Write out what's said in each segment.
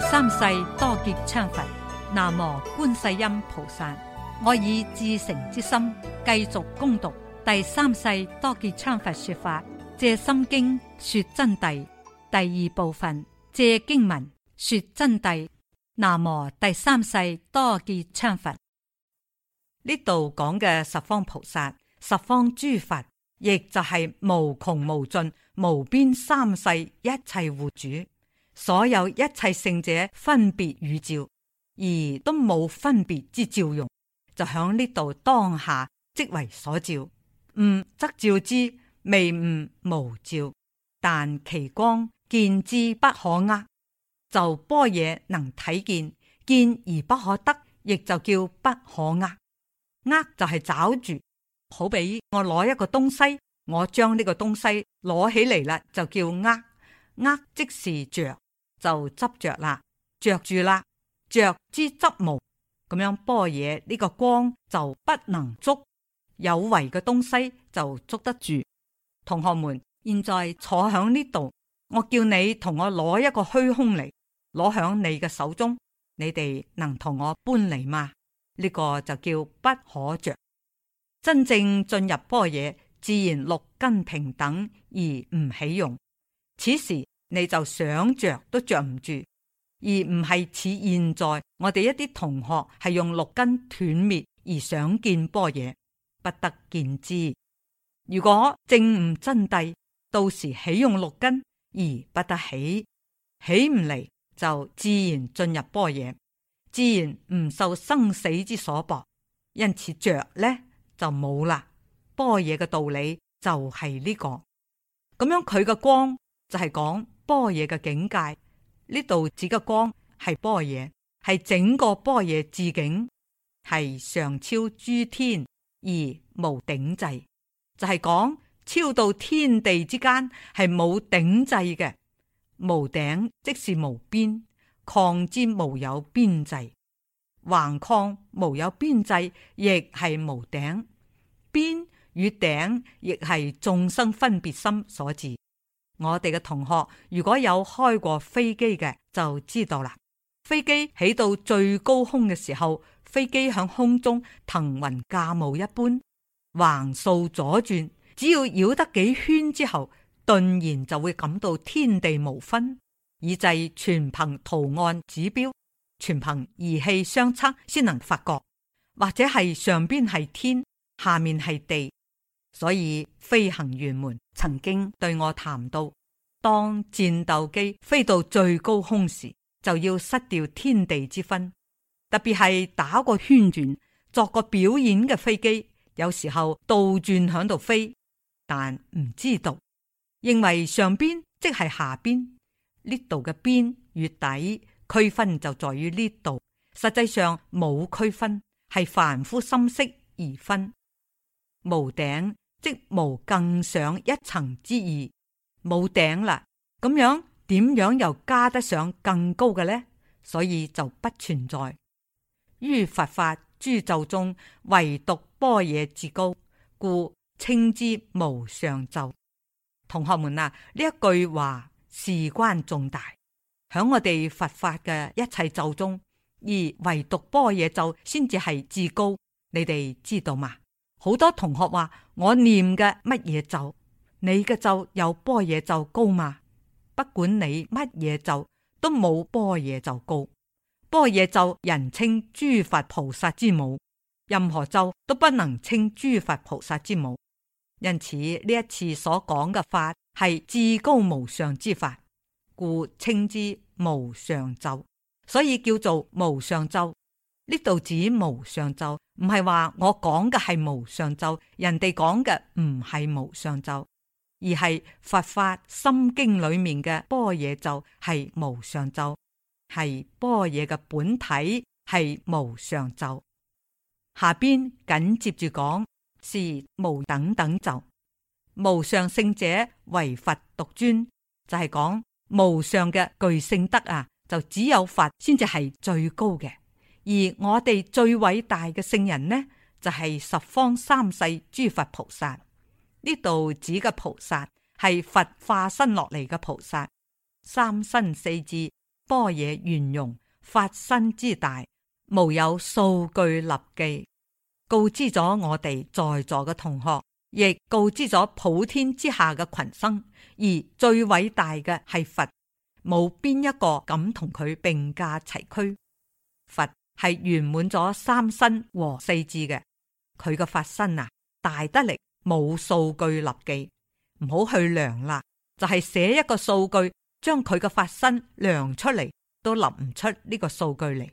第三世多杰羌佛，南無觀世音菩薩。我以至誠之心繼續恭讀第三世多杰羌佛說法，借心經說真諦第二部分，借經文說真諦。南無第三世多杰羌佛，呢度講嘅十方菩薩、十方諸佛，亦就係無窮無盡、無邊三世一切護主。所有一切聖者分別與照，而都冇分別之照用，就響呢度當下即為所照。悟則照之，未悟無照。但其光見之不可握，就般若能睇見，見而不可得，亦就叫不可握。握，就係找住，好比我攞一個東西，我將呢個東西攞起嚟啦，就叫握。握，即是着。就執着啦，着住啦，着之執無咁樣般若，呢個光就不能捉有為嘅東西就捉得住。同學們，現在坐響呢度，我叫你同我攞一個虛空嚟，攞響你嘅手中，你哋能同我搬嚟嗎？呢個就叫不可着。真正進入般若，自然六根平等而唔起用。此時。你就想着都着唔住，而唔係似現在我哋一啲同學係用六根斷滅而想見波嘢，不得見之。如果正悟真諦，到時起用六根而不得起，起唔嚟，就自然進入波野，自然唔受生死之所縛，因此着呢就冇啦。波野嘅道理就係呢個咁樣，佢嘅光就係講。般若嘅境界，呢度指嘅光係般若，係整個般若智境，係上超諸天而無頂際，就係、是、講超到天地之間係冇頂際嘅。無頂即是無邊，抗之無有邊際，橫抗無有邊際亦係無頂。邊與頂亦係眾生分別心所致。我哋嘅同學如果有開過飛機嘅，就知道啦。飛機起到最高空嘅時候，飛機響空中騰雲駕霧一般，橫掃左轉，只要繞得幾圈之後，頓然就會感到天地無分，以至全憑圖案指標、全憑儀器相測先能發覺，或者係上邊係天，下面係地。所以飛行員們曾經對我談到，當戰鬥機飛到最高空時，就要失掉天地之分。特別係打個圈轉作個表演嘅飛機，有時候倒轉響度飛，但唔知道認為上邊即係下邊呢度嘅邊月底區分，分，就在於呢度。實際上冇區分，係凡夫心識而分無頂。即無更上一層之意，冇頂啦。咁樣點樣又加得上更高嘅呢？所以就不存在於佛法諸咒中，唯獨般若至高，故稱之無上咒。同學們啊，呢一句話事關重大，響我哋佛法嘅一切咒中，而唯獨般若咒先至係至高，你哋知道嗎？好多同學話，我念嘅乜嘢咒，你嘅咒有般若咒高嘛？不管你乜嘢咒，都冇般若咒高。般若咒人稱諸佛菩薩之母，任何咒都不能稱諸佛菩薩之母。因此呢一次所講嘅法係至高無上之法，故稱之無上咒，所以叫做無上咒。呢度指無上咒。唔係話我講嘅係無上咒，人哋講嘅唔係無上咒，而係《佛法心經》裏面嘅般若咒係無上咒，係般若嘅本體係無上咒。下邊緊接住講是無等等咒，無上聖者唯佛獨尊，就係、是、講無上嘅具聖德啊，就只有佛先至係最高嘅。而我哋最偉大嘅聖人呢，就係、是、十方三世諸佛菩薩。呢度指嘅菩薩係佛化身落嚟嘅菩薩，三身四智，般若圓融，法身之大，無有數據立記，告知咗我哋在座嘅同學，亦告知咗普天之下嘅群生。而最偉大嘅係佛，冇邊一個敢同佢並駕齊驅，佛。係圓滿咗三身和四智嘅，佢個法身啊大得力，冇數據立記，唔好去量啦，就係、是、寫一個數據，將佢個法身量出嚟，都立唔出呢個數據嚟。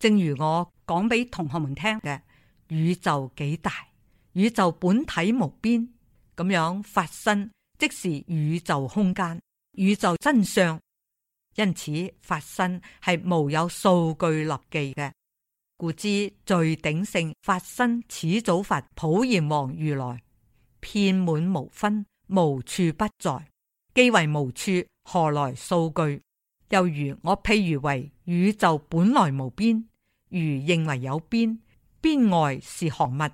正如我講俾同學們聽嘅，宇宙幾大，宇宙本體無邊，咁樣法身即是宇宙空間，宇宙真相，因此法身係冇有數據立記嘅。故知最鼎盛發生始祖佛普賢王如來，遍滿無分，無處不在，既為無處，何來數據？又如我譬如為宇宙本來無邊，如認為有邊，邊外是何物？咁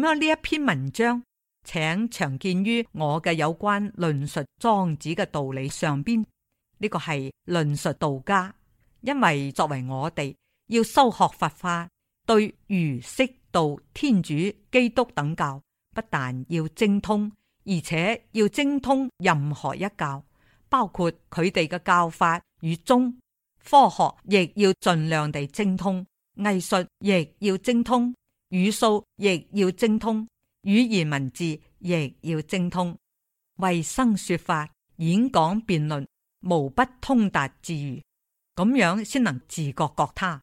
樣呢一篇文章，請常見於我嘅有關論述莊子嘅道理上邊。呢個係論述道家，因為作為我哋。要修學佛法，對儒、釋、道、天主、基督等教，不但要精通，而且要精通任何一教，包括佢哋嘅教法與宗科學，亦要盡量地精通；藝術亦要精通，語數亦要精通，語言文字亦要精通，衛生說法、演講、辯論，無不通達自如。咁樣先能自覺覺他。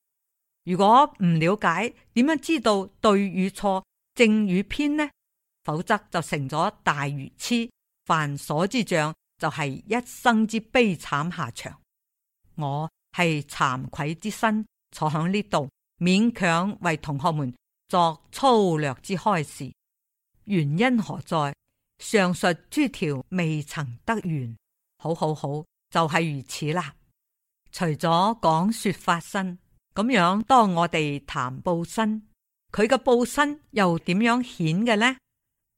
如果唔了解，點樣知道對與錯、正與偏呢？否則就成咗大愚痴，犯所之障，就係一生之悲慘下場。我係慚愧之身，坐喺呢度，勉強為同學們作粗略之開示。原因何在？上述諸條未曾得完。好好好，就係如此啦。除咗講說法身。咁樣，當我哋談報身，佢嘅報身又點樣顯嘅呢？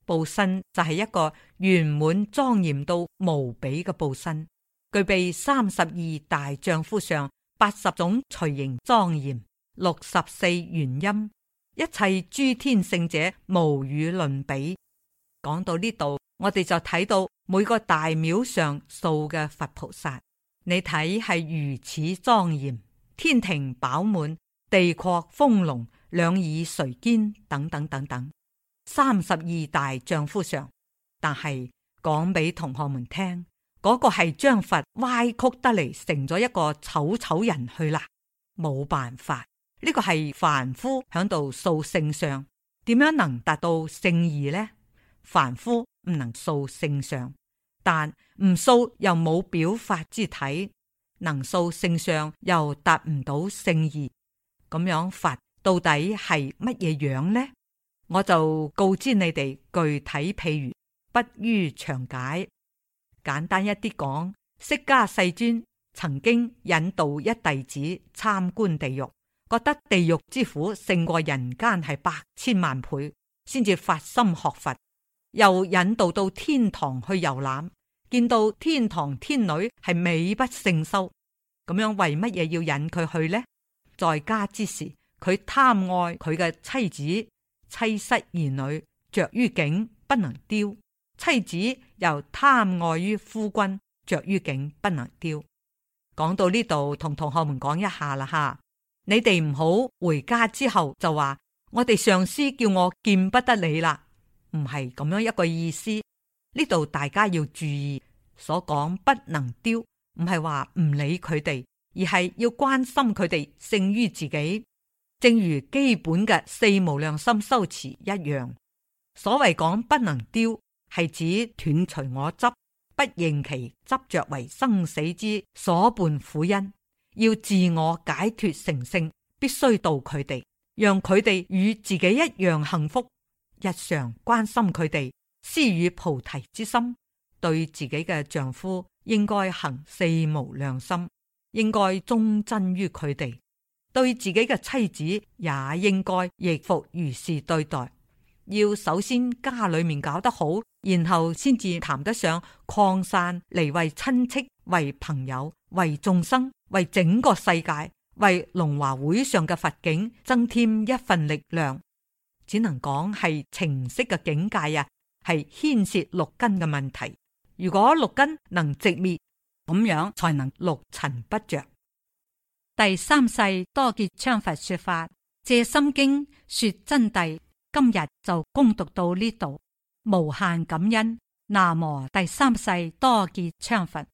報身就係一個圓滿莊嚴到無比嘅報身，具備三十二大丈夫相八十種隨形莊嚴、六十四原音，一切諸天聖者無與倫比。講到呢度，我哋就睇到每個大廟上塑嘅佛菩薩，你睇係如此莊嚴。天庭飽滿，地閣豐隆，兩耳垂肩，等等等等，三十二大丈夫相，但係講俾同學們聽，嗰、那個係將佛歪曲得嚟，成咗一個醜醜人去啦。冇辦法，呢、這個係凡夫響度塑聖相，點樣能達到聖義呢？凡夫唔能塑聖相，但唔塑又冇表法之體。能受聖上又達，又達唔到聖意，咁樣佛到底係乜嘢樣呢？我就告知你哋具體譬如，不于詳解，簡單一啲講，釋迦世尊曾經引導一弟子參觀地獄，覺得地獄之苦勝過人間係百千萬倍，先至發心學佛，又引導到天堂去遊覽。見到天堂天女係美不勝收，咁樣為乜嘢要引佢去呢？在家之時，佢貪愛佢嘅妻子、妻室、兒女，着於境不能丟；妻子又貪愛於夫君，着於境不能丟。講到呢度，同同學們講一下啦吓，你哋唔好回家之後就話我哋上司叫我見不得你啦，唔係咁樣一個意思。呢度大家要注意，所講不能丟，唔係話唔理佢哋，而係要關心佢哋勝於自己。正如基本嘅四無量心修持一樣，所謂講不能丟，係指斷除我執，不認其執着為生死之所伴苦因。要自我解脫成聖，必須度佢哋，讓佢哋與自己一樣幸福，日常關心佢哋。施與菩提之心，對自己嘅丈夫應該行四無量心，應該忠貞於佢哋；對自己嘅妻子也應該亦復如是對待。要首先家裏面搞得好，然後先至談得上擴散嚟為親戚、為朋友、為眾生、為整個世界、為龍華會上嘅佛境增添一份力量。只能講係情色嘅境界呀、啊。係牽涉六根嘅問題，如果六根能寂滅，咁樣才能六塵不着。第三世多杰羌佛說法，借心經說真諦，今日就恭讀到呢度，無限感恩。那麼第三世多杰羌佛。